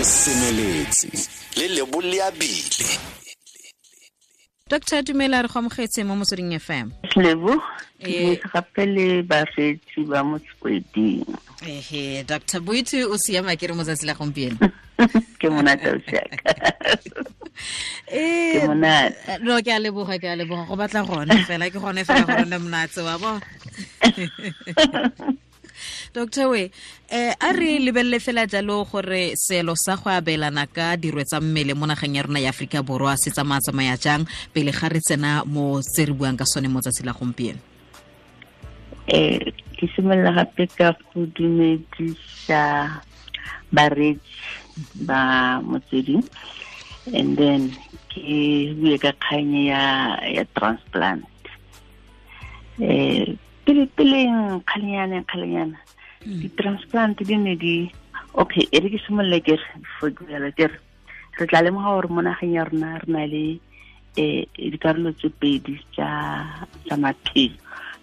le semeletse le much dr tumela re go mo motsweding fm lebo eh. gape le bafetsi ba motsweding ehe dr boitse o siama ke re mo tsatsi la gompieno ke monata o siaka ke a leboga ke a leboga go batla gone fela ke gone fela gore monatse wa bona dr we eh a re lebelele fela jalo gore selo sa go abelana ka dirwe tsa mmele mo nageng ya rona ya aforika borwa se tsamaya jang pele ga re tsena mo tse re buang ka sone mo tsatsi la gompieno um ke simolola gape ka go dumedisa bareetsi ba motsweding and then ke bue ka kganye ya transplant um pele peleng kgalenyana kgalenyana hmm. di-transplant di ne di okay e re ke simolola kere for jalo kere re tla le lemoga gore mo nageng ya rona re na le um dikarolo tse pedi tsa maphelo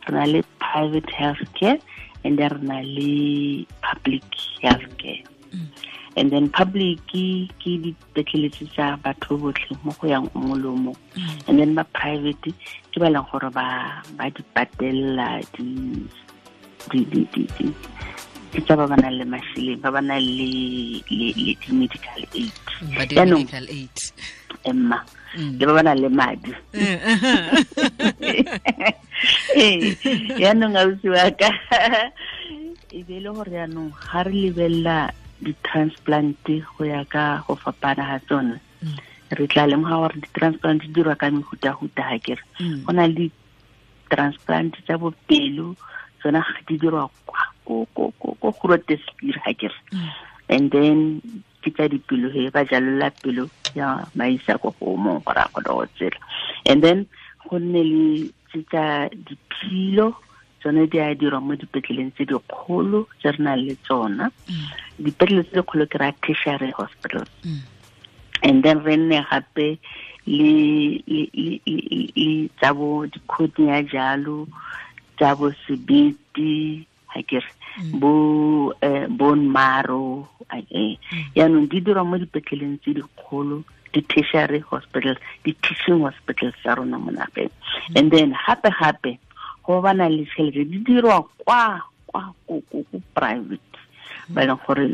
re na le private health care and then re na le public health care hmm. and then public ke dipetleletse tsa batho botlhe mo go yang o molomo hmm. and then ba private ke ba leng gore ba ba di patelela di di di di di ke tsa ba ba nang le masheleng ba ba nang le le di-medical aid yaanong emma mm. le ba ba nang le madi mm. ee yaanong ausi wa ka e be e le gore yaanong ga re lebelela di-transplant go ya ka go fapana ga tsone mm re tla lemoga gore di-transplant di dirwa ka mehutahuta ga kere mm. go na le di-transplant tsa bopelo tsona di dirwa ko grotespir ga kere mm. and then ke tsa dipelo he ba jalola pelo ya maisa ko gomong gore a kgona go tsela and then go nne le tse tsa diphilo tsone di a dirwa mo dipetleleng tse dikgolo tse re nang le tsona mm. dipetlele tse dikgolo ke ra tertiary hospital mm and then re nne gape le tsa bo dikgoting ya jalo tsa bo sebete ga kere mm. bo eh, bon e. mm. yaanong di dirwa mo dipetleleng tse dikgolo di-tertiary hospitals di-teaching hospitals tsa rona mo nageng mm. and then gape-gape go bana le tšhelete di dirwa kwa kwa ko private ba e leng gore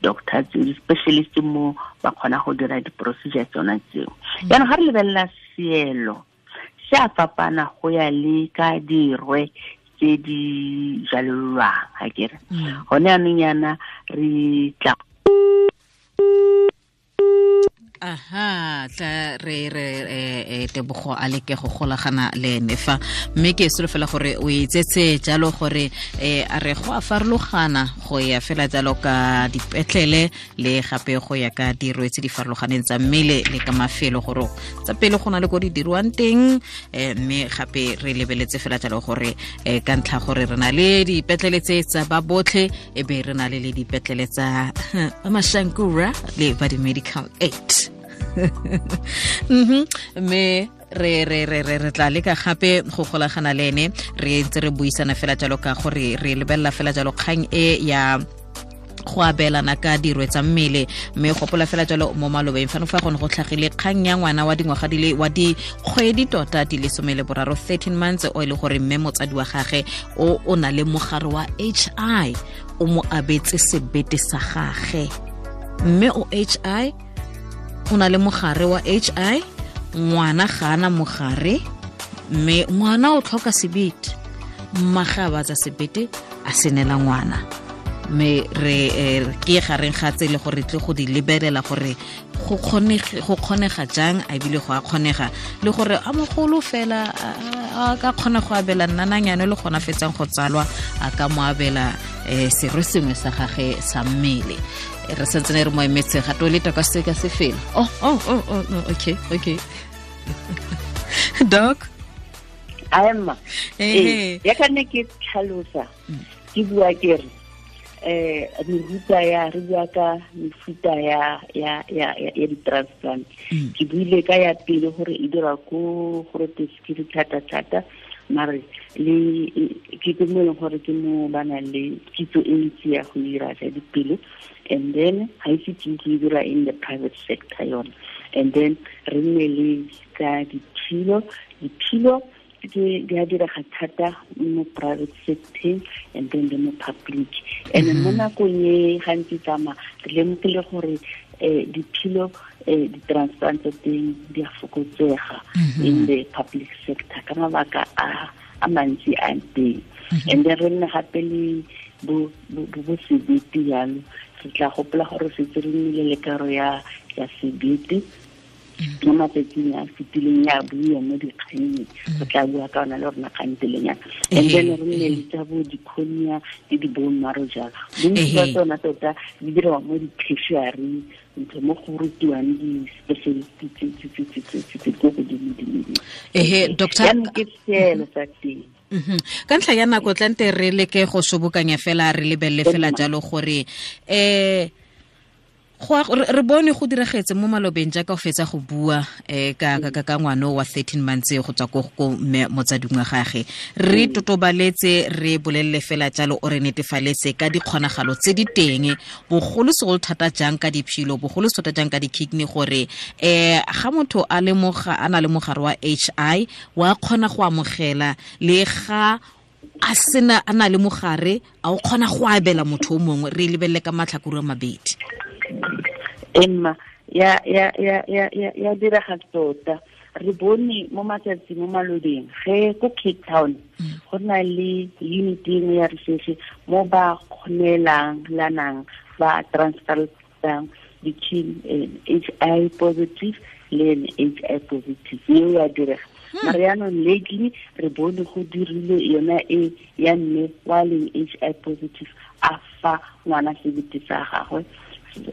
doctors di-specialist mo ba kgona go dira di-procedure tsona tseo yaanong ga re lebelela seelo se a fapana go ya le ka dirwe tse di jalolwang ga kere mm. gone anong yana re tla aha tla re re e, tebogo a leke go golagana le ene fa mme ke solofela gore o itsetse jalo gore e, a re go a farologana go ya fela jalo ka dipetlele le gape go ya ka dirwe tse di farologaneng tsa mmele le ka mafelo gore tsa pele go na le ko di dirwang teng e, mme gape re lebeletse fela jalo gore ka ntlha gore re na le dipetlele tse tsa ba botlhe e be re na le le dipetlele tsa ba mashankura le ba di-medical aid mhm me re re re re re tla leka gape go golagana le ene re ntse re buisana fela jalo ka gore re lebelela fela jalo kgang e ya go abelana ka dirwe tsa mmele mme gopola fela jalo mo malobeng fano fa gone go tlhagile kgang ya ngwana wa dingwaga dile wa dikgwedi tota di le some le boraro 13 months o e le gore mme motsadi wa gage o o na le mogare wa h i o mo abetse sebete sa gage mme o h i o na le mogare wa hi ngwana ga ana mogare mme ngwana o tlhoka sebete mmage a batsa sebete a senela ngwana mme re eh, ke gareng ga tse e le gore tle go di lebelela gore go kgonega jang a bile go a kgonega le gore a mogolo fela a ka kgona go abela nnananyane le gona fetsang go tsalwa a ka mo abela um eh, serwe sengwe sa gage sa mmele eh, re santsene re mo emetse gato o leta ka seka se fela oh, oh, oh, oh, no, okay okay doc aema eh, ee yaka ne ke tlhalosa ke bua kere um mefuta ya re bua ka mefuta ya ya ya di-transplant mm. ke buile ka ya pele gore e dira ko gore tesekiri thata-thata mare le ke ke mo e leng gore ke mo bana le kitso e ntsi ya go dira tsa ya dipelo and then ga ha ise e ke dira in the private sector yone and then re nne le ka diphilo diphilo di a direga thata mo private sector and then le mo public and mo mhm. nakong e gantsi tsama re lemogile gore eh diphilo eh di-transplant thing di a fokotsega mhm. in the public sector ka mabaka a a mantsi a teng mhm. and then re nne gape le bo sebete jalo re tla gopola gore se re nnile le karo ya sebete mo matsatsing a fetileng ya bue mo dikganyeng go tla bua ka ona le rona kgantseleng yana and then re nne le tsa bo diconia le di-bone maro jalo bontsi ba tsona tota di diriwa mo di-tertiary ntho mo go rutiwang di-speciality tse ko godimo seelo sa teng ka ntlha ya nako tlante re leke go sobokanya fela re lebelele fela jalo gore um re bone go diragetse mo malobeng jaaka o fetsa go bua um ka ngwana wa thirteen months go tswa ko motsadingwa gage re mm. totobaletse re bolelele fela jalo o re netefaletse ka dikgonagalo tse di teng bogolosegolo thata jang ka diphilo bogolo thata jang ka di-kidney gore um ga motho a na le mogare wa h i wa kgona go amogela le ga a sena a na le mogare a o kgona go abela motho o mongwe re lebelele ka matlhakore a mabedi emma ya ya ya ya ya ya diraga tota re bone mo matsatsi mo maloding ge ko cape town mm. go na le unity engwe ya research mo ba kgonelang lanang ba transferang between an h i positive le an h i positive eo ya direga hmm. mare yaanong lately re bone go dirile yona e ya mme wa leng h i positive a fa ngwana sebete sa gagwe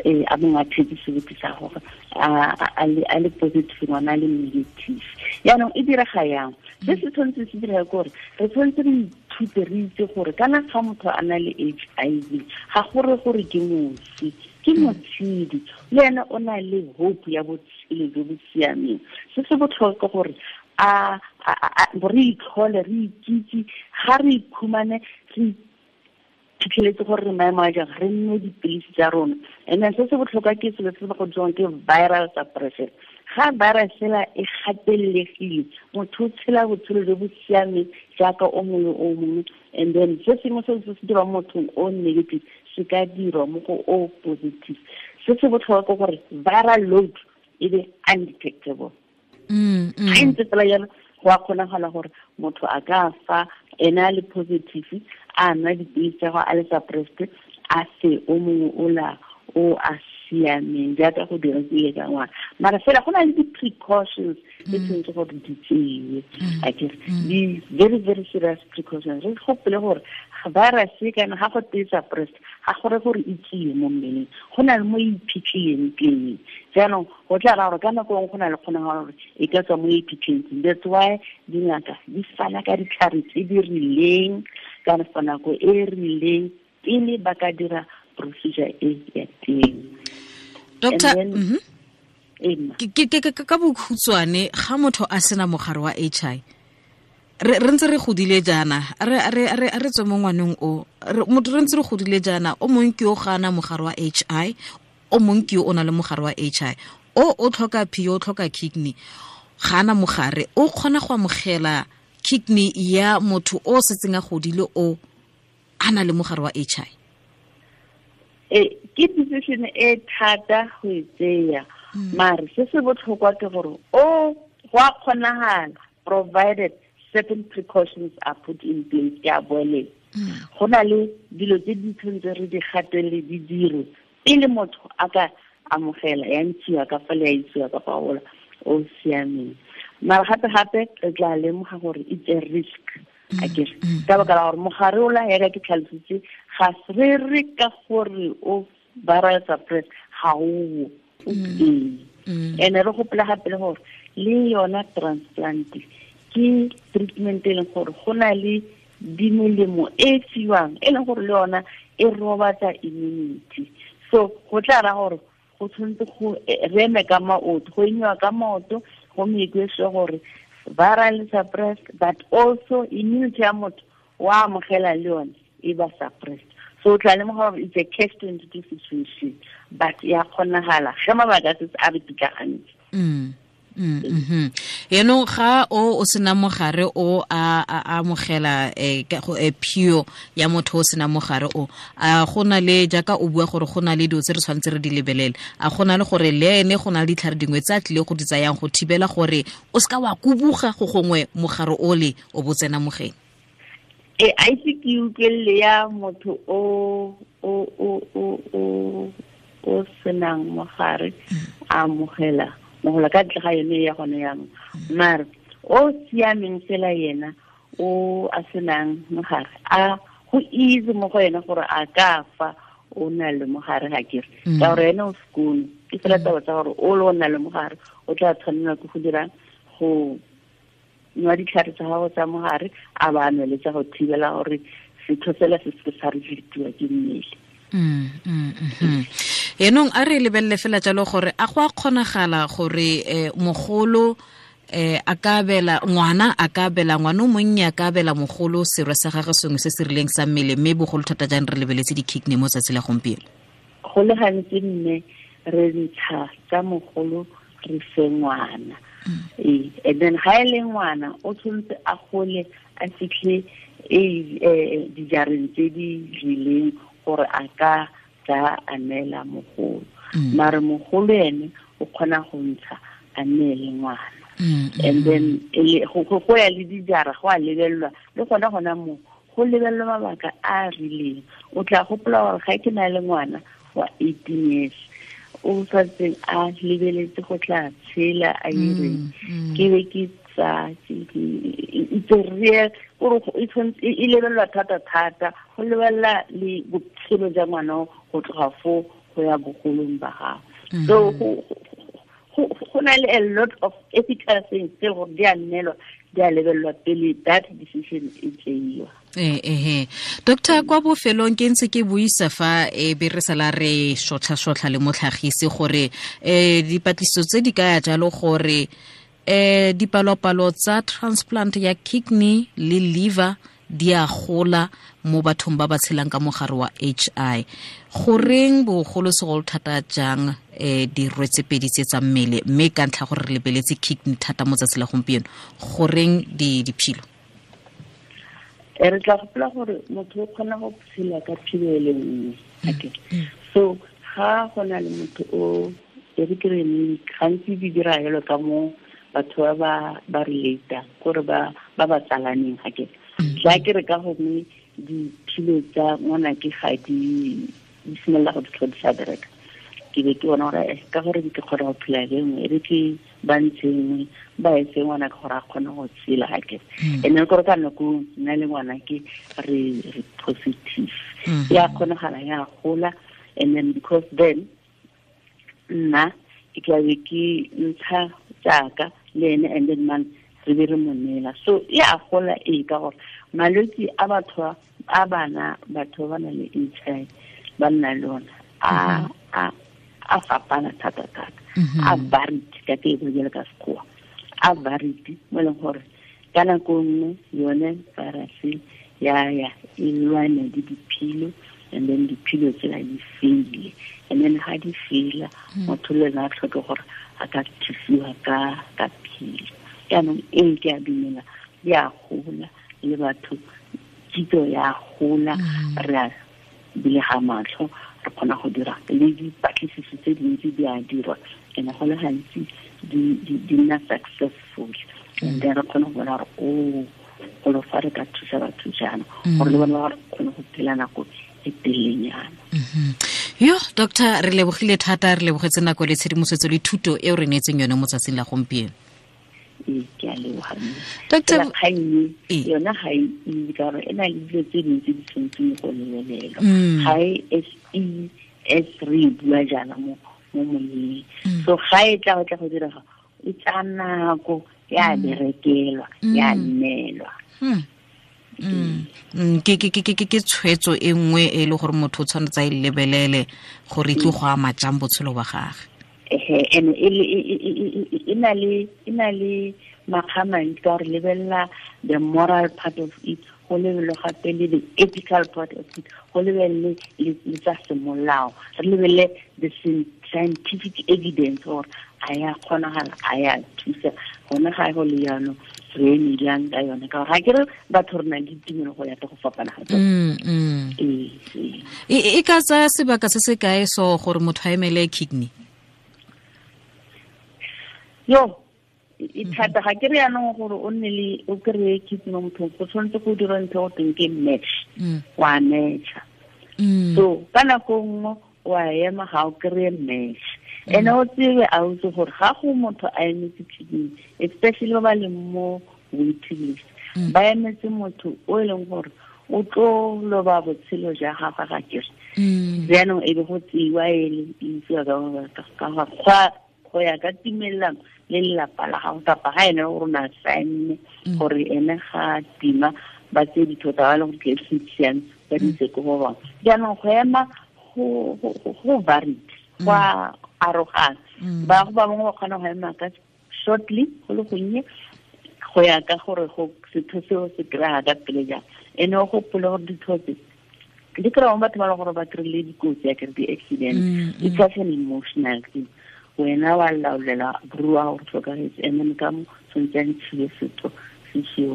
eh a bongwa thedi se botisa gore a le positive ngwana a le negative yaanong e direga yang se se tshwanetse se direga gore re tshwanetse re ithute re itse gore kana ga motho a na le h i v ga gore gore ke mosi ke motshedi le ene o na le hope ya botshelo jo bo siameng se se botlhokwa gore a re itlhole re ikitse ga re iphumane re Ti kele te kor remay maja, renme di pelis jaron. Ennen se se wot lokake, se le se bako jante viral sa presen. Kha viral se la, e hatel le ki li. Mwotou se la wotou le wotou siya mi, siya ka omouni omouni. Ennen se se e mwotou, se se dewa mwotou o negatif, se ka diro mwotou o pozitif. Se se wotou wakokore, viral load, e de anditekebo. Mm, mm. Kwa konan halakor, mwotou agafa, enal pozitifis. a nwa ditiisego a lesa poreste a se o mongwe ola o a siameng jaaka go dirakile ka ngwana mara fela go na le di-precautions e tshwanetse gore di tseye ikes di-very very serious precautions re gopole gore virusse kana ga go teesa poreste ga gore gore e tsiye mo mmeleng go na le mo iphitlheng teng jaanong go tla ra gore ka nako ngwe go na le kgonega gore e ka tswa mo iphitlheng teng that's why dingaka di fana ka ditlhare tse di rileng ka lefa nako e rileng pele ba ka dira procedure e ya teng mm-hmm. ka bokhutswane ga motho a sena mogare wa h i re ntse re godile jaana a re tswe mo ngwaneng o motho re ntse re godile jaana o mongwe ke o gana mogare wa h i o mongwe ke o na le mogare wa h i o o tlhoka p o tlhoka kidney gana mogare o kgona go amogela kidney ya motho o setseng a godile o a na le mogare wa h i e ke decision e thata go e tseya hmm. mare se se botlhokwa ke gore o go a kgonagala provided certain precautions are put in place ke a boelela hmm. go na le dilo tse di tshwanetse re di gatele di dire pele motho a ka amogela ya ntshiwa ka fa le ya isiwa ka paola o siameng mara gape gape re tla lemoga gore it's a risk akere ka baka la gore mogare o la yaka ke tlhalositse ga re re ka gore o viral suppress ga oo o teng mm. mm. and-e re gopola gape le gore le yona transplant ke treatment e leng gore go na le dimolemo e fiwang e leng gore le yona e robatsa immunity so go tla ra gore go tshwanetse go reme ka maoto go emiwa ka maoto gomme gore e ba gore viral suppressed but also immunity ya motho wa amogela le yone e ba suppressed so o tla lemoga gore it's a cash twenty two situation but ya kgonagala ge mabaka a setse a re pitlagantse mm. Mm, mhm yeno ga o o sena mogare o a amogela pio eh, eh, ya motho o sena mogare o a gona le jaaka o bua gore gona le dilo tse re tshwanetse re di lebelele a gona le gore le ene go na le ditlhare dingwe tse a tlile go di tsayang go thibela gore o seka wa kubuga go gongwe mogare o le o bo tsena mogeng e a itse ke utlwelele ya motho o o o o o senang mogare a amogela mogola ka ntle ga yone ya gone yanong mare o siameng fela yena o a senang mogare a go itse mo go yena gore a ka fa o na le mogare ga kere mm. ka gore ene o sekono ke fela mm. taba tsa gore o le o na le mogare o tla tshwanelwa ke go dira go nwa ditlhare tsa gago tsa mogare a ba nwele tsa go thibela gore setho fela se seke sa re fetiwa ke mmele mm, mm-hmm. enong a re lebelele fela jalo gore a go a kgonagala gore eh, mogolo eh a ka bela ngwana a ka bela ngwana o monnye a ka bela mogolo serwe sa gage sengwe se se rileng sa mmele mme bogolo thata jang re lebeletse di-kickne mo tsatsi la gompieno go le gantsi mme re ntsha tsa mogolo re fe ngwana mm. ee and then ga e le ngwana o tshwanetse a gole a fitlhe um dijareng tse di rileng gore a ka ja a neela mogolo mm. mare mogolo ene o kgona go ntsha a neele ngwana mm-hmm. and then e go ya le dijara go a lebelelwa le gona gona mo go lebelelwa mabaka a a rileng o tla gopola gore ga ke na le ngwana wa eighteen years o sa tseng a lebeletse go tla tshela a mm-hmm. ireng ke be ke letsatsi itserie kore e, e, e lebelelwa thata-thata go lebelela le botshelo jwa ngwana go tloga foo go ya bogolong ba gago mm-hmm. so go na le a lot of ethical things tse gore di a nnelwa di a lebelelwa pele that decision e tseiwa ehe eh, eh. doctor kwa bofelong ke ntse ke buisa fa e be re sala re shotlha shotlha le motlhagisi gore um dipatlisiso tse di kaya jalo gore eh dipalopalo tsa transplant ya kidney le liver di a gola mo bathong ba ba tshelang ka mogare wa hi goreng bogolosegolo thata jang um eh, dirwetsepedi tse tsa mmele mme ka ntlha gore re lebeletse kidney thata mo tsatsi la gompieno goreng diphilo eh, re tla gopola gore motho o kgona go phela ka philo e le nngwe mm, okay mm. so ga go na le motho o e re kereng gantsi di dira yalo ka mo batho ba ba ba relate gore ba ba ba tsalaneng ga ke ja ke re ka gomme diphilo tsa ngwana ke ga di di simolola go ditlho di sa bereka ke be ke bona gore eh, ka gore ke kgona go phela le nngwe e re ke ba ntshe nngwe ba etse ngwana ke gore a kgone go tsela ga ke mm. and then gore ka nako e nna le ngwana ke re re positive mm-hmm. ya kgonagala ya gola and then because then nna ke tlabe ke ntsha jaaka le ene and then man re be re mo so e a gola e ka gore malwetse a batho a bana batho ba ba nang le h i ba nna le ona a fapana thata-thata mm-hmm. a variti ka ke e bojele ka sekoa a variti mo e leng gore ka nako e nngwe yone virus ya ya e lwane le diphilo and then diphilo tsela di faile and then ga di fela mm. motho le ena a tlhoke gore a ka thusiwa ka ka philo jaanong e ke a dumela di a gola le batho kitso ya gola mm. re a belega matlho re kgona go dira le dipatlisiso tse dintsi di a dirwa and go le gantsi di nna successful mm. and then re kgone go bona gore o golo fa re ka thusa batho jaana mm. gore le bona ba re kgone go phela nako e telenyana mm-hmm yo doctor re lebogile thata re lebogetse nako le tshedimosetso le thuto e o re neetseng yone mo tsatsing la gompieno ee, ke a e, ee. yona ga e, e ka gore e na le dilo tse dintsi di tshwanetseng go lebelelwa ga mm. e, e s re bua jaana mo moyeng mm. so ga e tla batla go direga e tsaya nako ya mm. berekelwa ya nnelwa ke ke ke ke ke tshwetso e nngwe e le gore motho o tshwanetse a e lebelele gore itle go ama jang botshelo ba gage ene ina le ina le makhama ntwa re lebella the moral part of it go lebelo ga pele the ethical part of it go lebelle le tsa semolao re lebelle the scientific evidence or aya kgonagala a ya thusa gona ga go le yano re e dirang ka yone ka gore ga kere batho re na le tumologo ya to go fapana ga e ka tsaya sebaka se se kae so gore motho a emele kidney yo e thata ga ke re yaanong gore o nne le o kry-e kitse mo mothong go tshwanetse go dira ntho go teng ke match wa matcha so ka nako nngwe wa ema ga o kry-e match ene o tsebe a utse gore ga go motho a emetse kidney especially ba ba leng mo waiting list mm. ba emetse motho o e leng gore o tlo loba botshelo ja gagwe ga kere mm. jaanong e be go tseiwa e le itsewa ka gagwe go ya ka timelelano le lelapa la gago kapa ga ene gore o na sainne mm. gore ene ga tima ba tse dithota ba e leng gore ke sesiane ba ditse ko go bone jaanong go ema go varit arogang mm. ba go ba mo go kgona go ema ka shortly go le gonnye go ya ka gore go se those o se kra ga pele ja ene go pula go di those di kra mo batho ba e go ba trile di go tsa ke di accident mm, it's mm. such an emotional thing when i was lovely la brua or so ka it's and then come so then tshile setso se se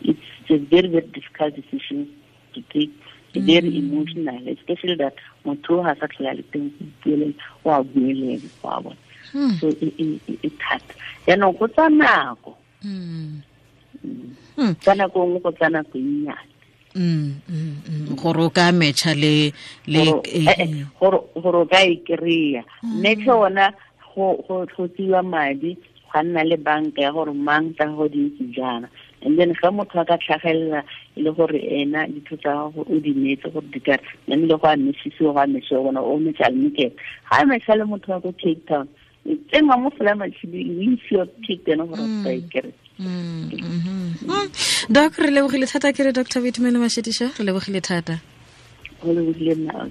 it's a very very difficult decision to take very mm. emotional especially that motho o ga sa tlhola le teng go ipuelela o a buelela go a bona hmm. so e, e, e, e thata jaanong go tsa nako hmm. mm. tsa nako nngwe go tsa nako ennyane hmm, gore o ka metšha le eh, eh, o ka e kry-a mme ke ona go tlhotsiwa madi ga nna le banka ya gore mang tsa go dintsi jana and then ga motho a ka tlhagelela e le gore ena ditho tsa gago o di neetse gore di kare namile go a mesisio go a mesio bona o metse a lemekele ga a e mesa le motho wa ko cape town e tsenwa mo folamatšhibing o isiwa cape town gore o ka ekere mm. mm-hmm. mm-hmm. doc re lebogile thata ke re dr vitumele mashediša re lebogile thata go lebogile nna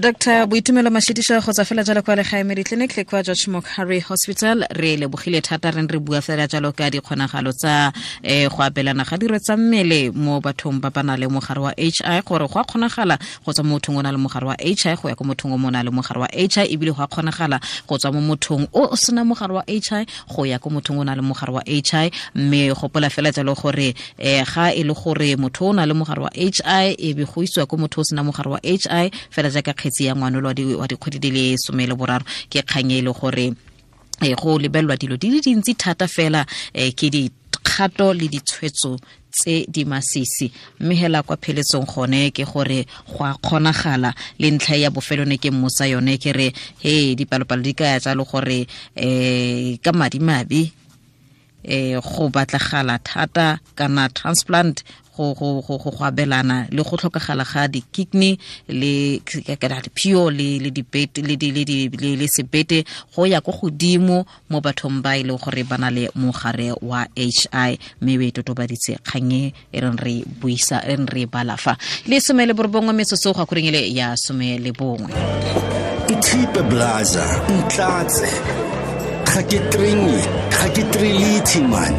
dr boitumelo mašhetiša go tsa fela jalo kwa legaemedi clinic le kwa george mocharry hospital re lebogile thata re re bua fela jalo ka dikgonagalo tsa um go apelana ga diro tsa mmele mo bathong ba ba na le mogare wa h i gore go a kgonagala go tswa mo mothong o na le mogare wa h i go ya ko mothong o mo na le mogare wa h i ebile go a kgonagala go tswa mo mothong o o sena mogare wa h i go ya ko mothong o na le mogare wa h i mme gopola fela jalo gore um ga e le gore motho o na le mogare wa h i e be go isiwa ko motho o sena mogare wa h i fela jaaka kgetse ya ngwanolo wa dikgwedi di le some le boraro ke kgang e le gore e go lebelelwa dilo di le dintsi thata fela um ke dikgato le ditshwetso tse di masisi mme hela kwa pheletsong gone ke gore go a kgonagala le ntlha ya bofelone ke mmosa yone ke re he dipalopalo di ka tsa le gore um ka madimabe um go batlagala thata kana transplant go go go go go abelana le go tlhokagala ga di kidney le di pio le le debate le di le di le sebete go ya go godimo mo bathong ba ile e gore bana le mogare wa HI mme we totobaditse kganye e reng re buisa e reng re balafa le some le borobongwe metsotso go akorengele ya some le bongwe ithipe blaza ntlatse ga ke trinye ga ke trilitse man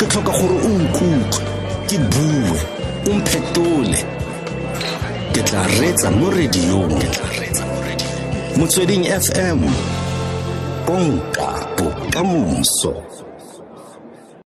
ke tlhoka gore o nkutlwe ke bue o mphetole ke tla retsa mo radiong motsweding fm konka bokamoso